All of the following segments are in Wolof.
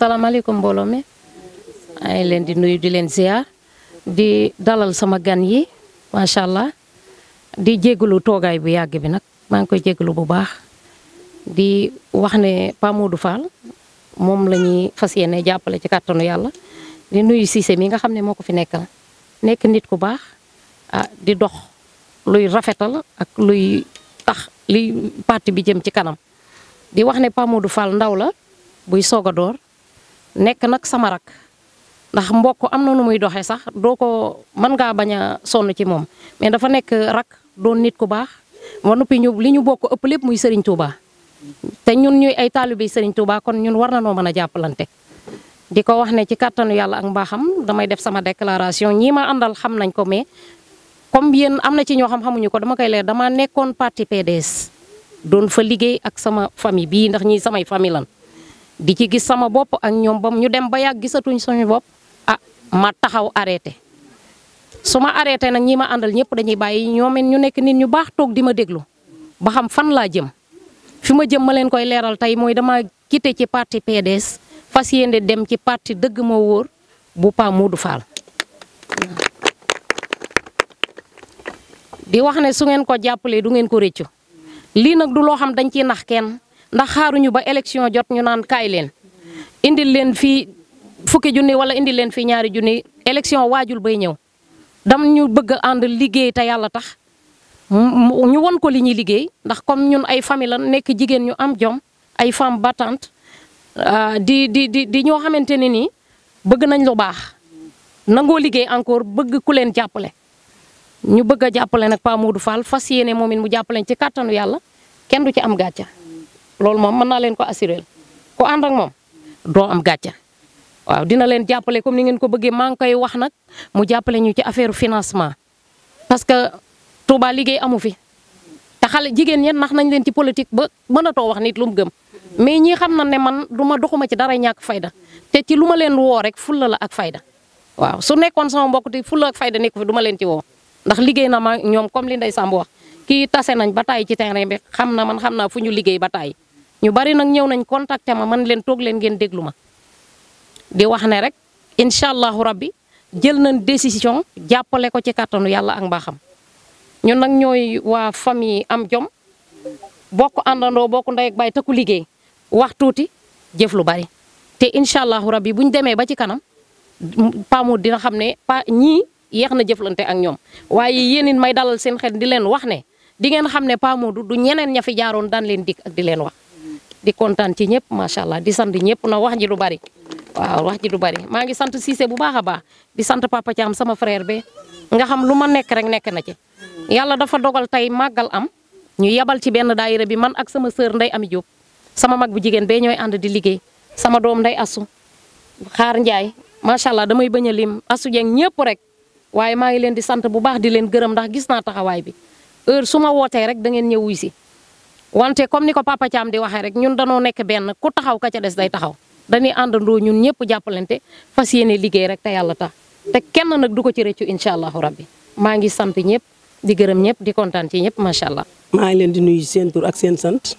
salaamaaleykum mbooloo mi ay leen di nuyu di leen ziar di dalal sama gan yi macha allah di jégalu toogaay bu yàgg bi nag maa ngi koy jégalu bu baax di wax ne Pa du Fall moom la ñuy fas yéene jàppale ci kattanu yàlla di nuyu Cissé mi nga xam ne moo ko fi nekkal nekk nit ku baax ah di dox luy rafetal ak luy tax luy parti bi jëm ci kanam di wax ne Pa du Fall ndaw la buy soog a door nekk nag sama rak ndax mbokk am na nu muy doxee sax doo ko mën ngaa bañ a sonn ci moom mais dafa nekk rak doon nit ku baax ba noppi ñu li ñu bokk ëpp lépp muy Serigne Touba te ñun ñuy ay bi Serigne Touba kon ñun war na noo mën a jàppalante. di ko wax ne ci kàttanu yàlla ak mbaaxam damay def sama déclaration ñii ma àndal xam nañ ko mais comme yéen am na ci ñoo xam xamuñu ko dama koy leer dama nekkoon parti PDS doon fa liggéey ak sama famille bii ndax ñii samay famille lan di ci gis sama bopp ak ñoom ba ñu dem ba yàgg gisatuñ suñu bopp ah ma taxaw arrêté su ma arrêté nag ñi ma àndal ñëpp dañuy bàyyi ñoom ñu nekk nit ñu baax toog di ma déglu ba xam fan laa jëm fi ma jëm ma leen koy leeral tey mooy dama quitté ci parti PDS fas yéene dem ci parti dëgg ma wóor bu Pa Modou Fall. di wax ne su ngeen ko jàppalee du ngeen ko rëccu lii nag du loo xam dañ ci nax kenn. ndax xaaruñu ba élection jot ñu naan kaay leen indil leen fii fukki junni wala indi leen fii ñaari junni élection waajul bay ñëw dam ñu bëgg a ànd liggéey te yàlla tax ñu won ko li ñuy liggéey ndax comme ñun ay famille lan nekk jigéen ñu am jom ay femme battante euh, di di di di ñoo xamante ne nii bëgg nañ lu baax nangoo liggéey encore bëgg ku leen jàppale. ñu bëgg a jàppale nag Pa Modou Fall fas yéene moom it mu jàppaleñ ci kàttanu yàlla kenn du ci am gàcca loolu moom mën naa leen ko assurer ku ànd ak moom doo am gàcce waaw dina leen jàppale comme ni ngeen ko bëggee maa ngi koy wax nag mu jàppale ñu ci affaire financement parce que Touba liggéey amu fi te xale jigéen ñi nax nañ leen ci politique ba mënatoo wax nit lu mu gëm mais ñi xam na ne man du ma doxuma ci dara ñàkk fayda te ci lu ma leen woo rek fulla la ak fayda waaw su nekkoon sama mbokk te fulla ak fayda nekku fi du ma leen ci woo ndax liggéey na ma ñoom comme li Ndeye Samb wax kii tase nañ ba taay ci terrain bi xam na man xam naa fu ñu liggéey ba taay ñu bari nag ñëw nañ contacter ma man leen toog leen ngeen déglu ma di wax ne rek incha allahu rabbi jël nañ décision jàppale ko ci kàttanu yàlla ak mbaaxam ñun nag ñooy waa famille am jom bokk àndandoo bokk ndey ak baay te liggéey wax tuuti jëf lu bari. te incha allahu rabbi bu ñu demee ba ci kanam paamu dina xam ne pa ñii yéex na jëflante ak ñoom waaye yéen it may dalal seen xel di leen wax ne di ngeen xam ne paamu du ñeneen ña fi jaaroon daan leen dikk ak di leen wax. di kontaan ci ñëpp macha allah di sant ñëpp na wax ji lu bari waaw wax ji lu bari maa ngi sant Cissé bu baax a baax di sant papa Thiam sama frère be nga xam lu ma nekk rek nekk na ci. yàlla dafa dogal tey màggal am ñu yebal ci benn daayira bi man ak sama sœur Ndey Ami Diop sama mag bu jigéen bee ñooy ànd di liggéey sama doom Ndey Asu xaar Ndiaye macha allah damay bañ a lim Asu Dieng ñëpp rek waaye maa ngi leen di sant bu baax di leen gërëm ndax gis naa taxawaay bi heure su ma wootee rek da ñëw wuy si wante comme ni ko papa Thiam di waxee rek ñun danoo nekk benn ku taxaw ka ca des day taxaw dañuy àndandoo ñun ñëpp jàppalante fas yéene liggéey rek te yàlla tax te kenn nag du ko ci rëccu incha allahu rabbi maa ngi sant ñëpp di gërëm ñëpp di kontaan ci ñëpp macha allah. maa ngi leen di nuyu seen tur ak seen sant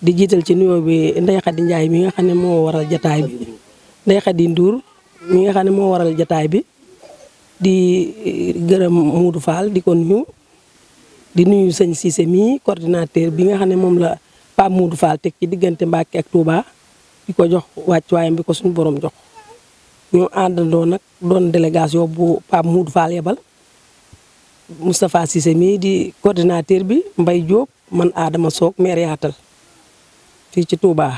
di jiital ci nuyoo bi Ndeye di Ndiaye mi nga xam ne moo waral jataay bi Ndeye di nduur mi nga xam ne moo waral jataay bi di gërëm Moudou Fall di ko nuyu di nuyu sëñ Cissé mii coordinateur bi nga xam ne moom la Pape Moudou Fall teg ci diggante Mbacke ak Touba di ko jox wàccuwaayam bi ko suñu borom jox ñu àndandoo nag doon délégation bu Pape Moudou Fall di coordinateur bi Mbaye Diop man Adama Soog maire fii ci Touba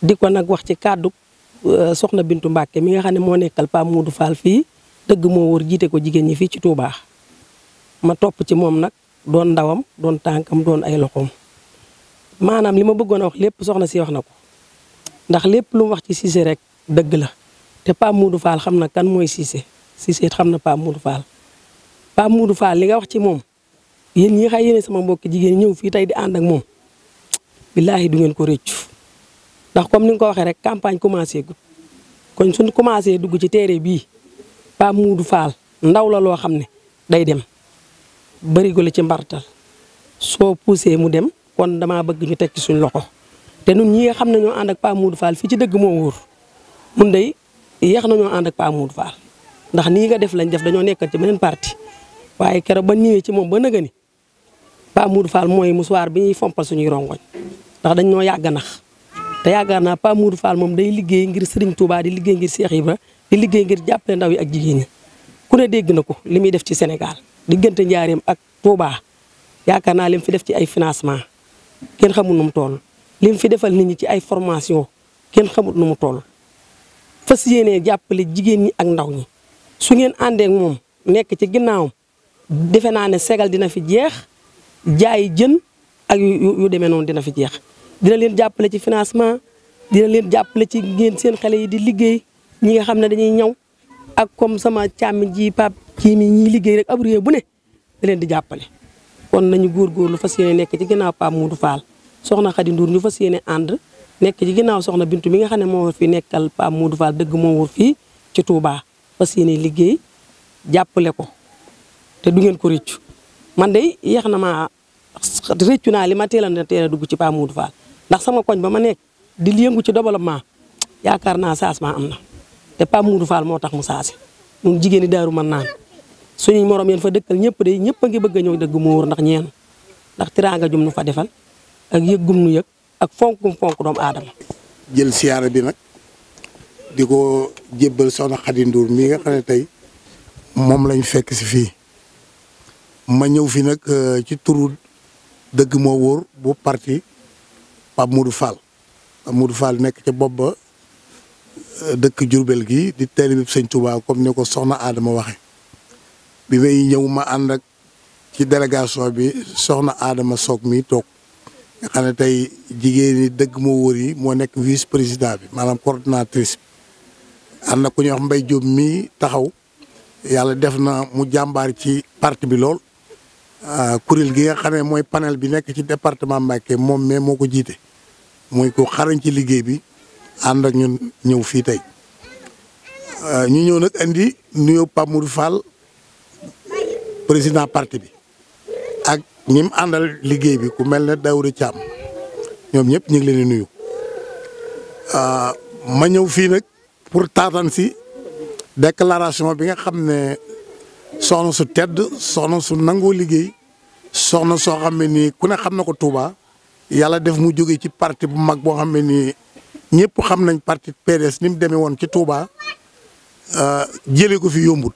di ko nag wax ci kàddu euh, soxna Bintu Mbacke mi nga xam ne moo nekkal Pape Moudou Fall fii dëgg moo wër jiite ko jigéen ñi fii ci Touba ma topp ci moom nag doon ndawam doon tànkam doon ay loxoom maanaam li ma bëggoon a wax lépp soxna si wax na ko ndax lépp lu mu wax ci Cissé rek dëgg la te Pape Modou Fall xam na kan mooy Cissé Cissé xam na Pape Modou Fall Pape Modou Fall li nga wax ci moom yéen ñi xay yéene sama mbokk jigéen ñëw fii tey di ànd ak moom billaahi du ngeen ko réccu ndax comme ni nga ko waxee rek campagne commencé gut kon suñ commencé dugg ci téere bii Pape muudu Fall ndaw la loo xam ne day dem bërigo la ci mbartal soo poussé mu dem kon damaa bëgg ñu teg ci suñ loxo te nun ñi nga xam ne ñoo ànd ak Pa Modou Fall fii ci dëgg moo wóor mun day na ñoo ànd ak Pa Modou Fall ndax nii nga def lañ def dañoo nekkat ci beneen parti waaye keroog ba ñëwee ci moom ba nëgëni Pa Modou Fall mooy musuwaar bi ñuy fompal suñuy rongoñ ndax dañ ñoo yàgg nax te yaakaar naa Pa Modou Fall moom day liggéey ngir Serigne Touba di liggéey ngir Cheikh Ibra di liggéey ngir jàppale ndaw yi ak jigéen ñi ku dégg na ko li muy def ci Sénégal diggante njaareem ak Touba yaakaar naa lim fi def ci ay financement kenn xamul nu mu toll lim fi defal nit ñi ci ay formation kenn xamul nu mu toll fas yéenee jàppale jigéen ñi ak ndaw ñi su ngeen àndee ak moom nekk ci ginnaawam defe naa ne segal dina fi jeex jaay jën ak yu yu demee noonu dina fi jeex dina leen jàppale ci financement dina leen jàppale ci ngeen seen xale yi di liggéey ñi nga xam ne dañuy ñaw ak comme sama càmm ji pap kii nii ñiy liggéey rek ab réew bu ne leen di jàppale kon nañu góorgóorlu fas yéene nekk ci ginnaaw Pape Modou Fall soxna Khady Ndour ñu fas yéene ànd nekk ci ginnaaw soxna Bintu mi nga xam ne moo war fi nekkal Pape Modou Fall dëgg moo fii ci Touba fas yéene liggéey jàppale ko te du ngeen ko rëccu man de yéex na ma rëccu naa li ma teel a dugg ci Pape Modou ndax sama koñ ba ma nekk di yëngu ci développement yaakaar naa saas ma am na te Pape Modou Fall moo tax mu saasi ñun jigéen ñi daaru mën naan suñuy morom yéen fa dëkkal ñëpp de ñëpp a ngi bëgg a ñëw dëgg muur ndax ñeen ndax tiraanga jum nu fa defal ak yëg gum nu yëg ak fonkum fonk doomu aadama. jël siyaara bi nag di ko jébbal soxna Khady Ndour mii nga xam ne tey moom lañ fekk si fii ma ñëw fii nag euh, ci turu dëgg moo wóor bu parti Pape Modou Fall Pape nekk ca bopp ba euh, dëkk Jurbel gi di teel bi Sëñ Tuubaa comme ni ko soxna Adama waxe bi may ñëw ma ànd ak ci délégation bi soxna Adama soog mi toog nga xam ne tey jigéen ñi dëgg moo wër yi moo nekk vice président bi maanaam coordinatrice bi ànd ak ku ñuy wax Mbaye Diop mii taxaw yàlla def na mu jàmbaar ci parti bi lool ah, kuréel gi nga xam ne mooy panel bi nekk ci département Mbacké moom mais moo ko jiite muy ko xarañ ci liggéey bi ànd ak ñun ñëw fii tey ah, ñu ñëw nag indi nuyoo Pape Modou président parti bi ak ñi mu àndal liggéey bi ku mel ne Daouda Thiam ñoom ñëpp ñu ngi leen di nuyu ah, ma ñëw fii nag pour taataan si déclaration bi nga xam ne soxna su tedd soxna su nangoo liggéey soxna soo xam ne nii ku ne xam na ko Touba yàlla def mu jóge ci parti bu mag boo xam ne nii ñëpp xam nañ parti PDS ni mu demee woon ci Touba ah, jëlee ko fi yombut.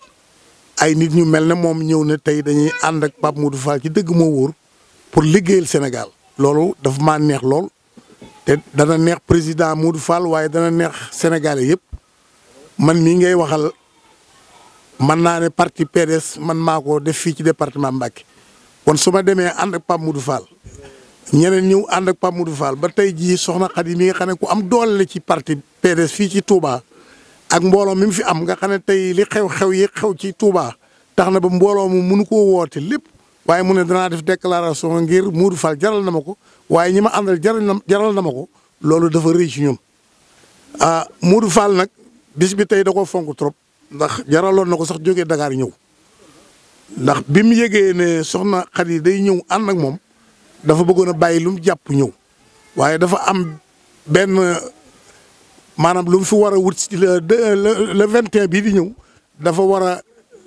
ay nit ñu mel ne moom ñëw na tey dañuy ànd ak Pape Modou Fall ci dëgg moo wóor pour liggéeyal Sénégal loolu dafa maa neex lool te dana neex président Modou Fall waaye dana neex Sénégalais yëpp man mii ngay waxal man naa ne parti PDS man maa ko def fii ci département Mbacké kon su ma demee ànd ak mu Modou Fall ñeneen ñëw ànd ak Pape Modou Fall ba tey jii soxna Xadi mi nga xam ne am doole la ci parti PDS fii ci Touba ak mbooloo mi mu fi am nga xam ne tey li xew-xew yi xew ci Touba tax na ba mbooloo mu mënu koo woote lépp waaye mu ne danaa def declaration ngir Modou Fall jaral na ma ko waaye ñi ma àndal jaral na jaral na ma ko loolu dafa rëy ci ñun. ah Modou Fall nag bis bi tey da koo fonk trop ndax jaraloon na ko sax jógee Dakar ñëw ndax bi mu yëgee ne soxna Khady day ñëw ànd ak moom dafa bëggoon a bàyyi lu jàpp ñëw waaye dafa am benn. maanaam lu mu fi war a wut si le le vingt et un bii di ñëw dafa war a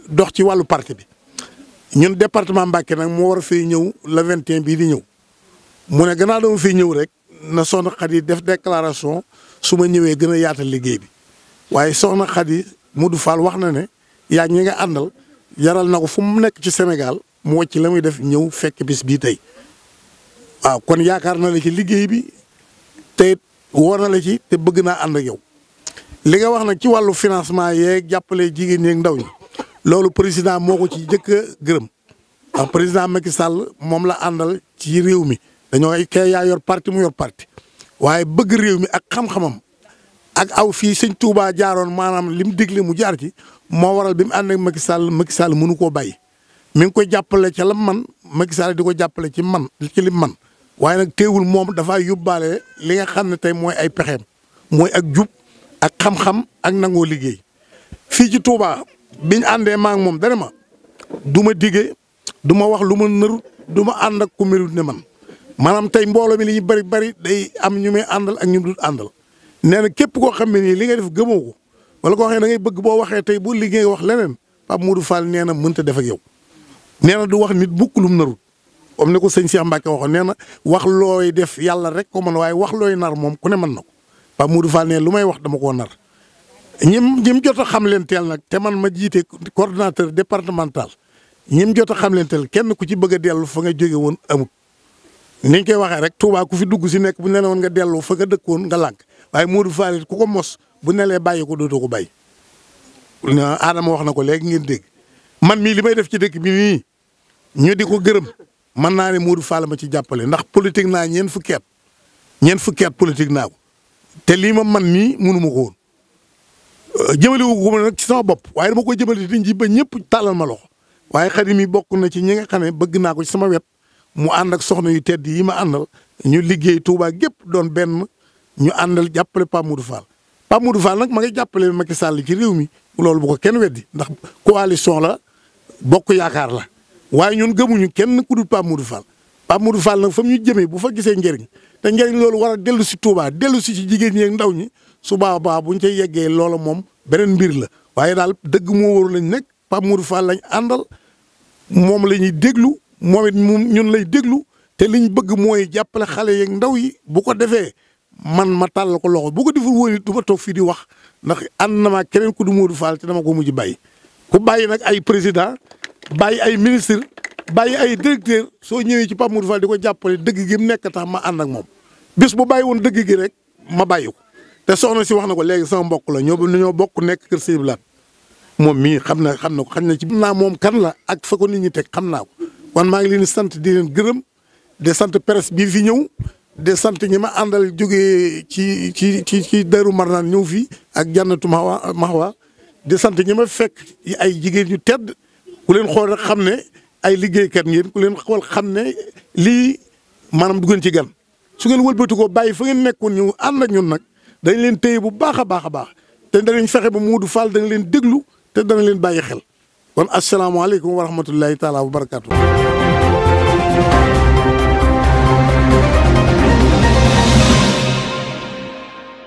dox ci wàllu parti bi ñun département Mbacké nag moo war a fiy ñëw le vingt et un bii di ñëw mu ne gannaaw dama fiy ñëw rek na soxna Khady def déclaration su ma ñëwee gën a yaatal liggéey bi waaye soxna Khady Modou Fall wax na ne yaa ñi nga àndal yaral na ko fu mu nekk ci Sénégal mu wàcc la muy def ñëw fekk bis bii tey waaw kon yaakaar na la ci liggéey bi tey wóor na la ci te bëgg naa ànd ak yow li nga wax nag ci wàllu financement yee jàppale jigéen ñi ndaw ñi loolu président moo ko ci njëkk a gërëm président Macky moom la àndal ci réew mi dañoo kay yaa yor parti mu yor parti waaye bëgg réew mi ak xam-xamam ak aw fii sëñ Touba jaaroon maanaam li mu digle mu jaar ci moo waral bi mu ànd ak Macky Sall Macky mënu koo bàyyi mi ngi koy jàppale ca la man Macky di ko jàppale ci man ci lim man waaye nag teewul moom dafa yóbbaale li nga xam ne tey mooy ay pexeem mooy ak jub ak xam-xam ak nangoo liggéey fii ci Touba biñ àndee maa moom dara ma duma ma diggee du wax lu ma nërut du ànd ak ku melut ne man maanaam tey mbooloo mi li ñu bëri bëri day am ñu may àndal ak ñu dul àndal nee na képp koo xam ne nii li nga def gëmoo ko wala koo xam da ngay bëgg boo waxee tey bu liggéey wax leneen Pape Modou Fall nee na mënta def ak yow nee na du wax nit bukk lum mu narut am ne ko sëñ si Mbacke waxoon nee na wax def yàlla rek ko mën waaye wax looy nar moom ku ne man na ko Pape Modou Fall ne lu may wax dama koo nar. ñim ñim jot a xam leen teel nag te man ma jiite coordonnateur départemental ñim jot a xam leen teel kenn ku ci bëgg a dellu fa nga jóge woon amut. niñ koy waxee rek Touba ku fi dugg si nekk bu ne woon nga dellu fa nga dëkkoon nga lànk waaye Modou Fall ku ko mos bu ne lee bàyyi ko dootoo ko bàyyi. Adama wax na ko léegi ngeen dégg man mii li may def ci dëkk bi nii ñu di ko gërëm. mën naa ne Modou Fall ma ci jàppale ndax politique naa ñeent fukki at ñeent fukki at politique naa ko te lii ma man nii mënu ma ko woon euh, jëmale wu ma nag ci sama bopp waaye dama koy jëmale di ji ba ñëpp tàllal ma loxo waaye Xadim yi bokk na ci ñi nga xam bëgg naa ko ci sama wet mu ànd ak soxna yu tedd yi ma àndal ñu liggéey tuubaa gépp doon benn ñu àndal jàppale Pape Modou Fall. Pape Modou Fall nag ma jàppale Macky Sall ci réew mi loolu bu kenn wet weddi ndax coalition la bokk yaakaar la. waaye ñun gëmuñu kenn ku dul Pape Modou Fall Pape Modou Fall nag fa ñu jëmee bu fa gisee njëriñ te njëriñ loolu war a dellu si Touba dellu si ci jigéen ñi ndaw ñi su boobaa bu ñu cay yeggee loola moom beneen mbir la waaye daal dëgg moo waru lañ nekk Pape Modou Fall lañ àndal moom la ñuy déglu moom it ñun lay déglu te liñ bëgg mooy jàppale xale yeeg ndaw yi bu ko defee man ma tàll ko loxo bu ko deful woon it du ma toog fii di wax ndax ànd na maa keneen ku du Modou Fall te dama ko mujj bàyyi ku bàyyi nag ay président bàyyi ay ministre bàyyi ay directeur soo ñëwee ci Pape Modou Fall di ko jàppale dëgg gi mu nekk tax ma ànd ak moom bis bu bàyyi woon dëgg gi rek ma bàyyi ko te soxna si wax na ko léegi sama mbokk la ñoo ñoo bokk nekk kër Sëñ Blaat moom mii xam na xam na ko xam na ci naa moom kan la ak fa ko nit ñi teg xam naa ko wan maa ngi leen di sant di leen gërëm de sant presse bii fi ñëw de sant ñi ma àndal jógee ci ci ci ci Daaru Marnaan ñëw fii ak Jannatu Mahwa Mahwa de sant ñi ma fekk ay jigéen ñu tedd ku leen xool rek xam ne ay liggéey liggéeykat ngeen ku leen xool xam ne lii maanaam du ngeen ci gan su ngeen wëlbati ko bàyyi fa ngeen nekkoon ñu ànd ak ñun nag dañ leen téye bu baax a baax a baax te danañ fexe ba Modou Fall dana leen déglu te dana leen bàyyi xel kon asalaamaaleykum wa rahmatullahi taala wa barakaatu.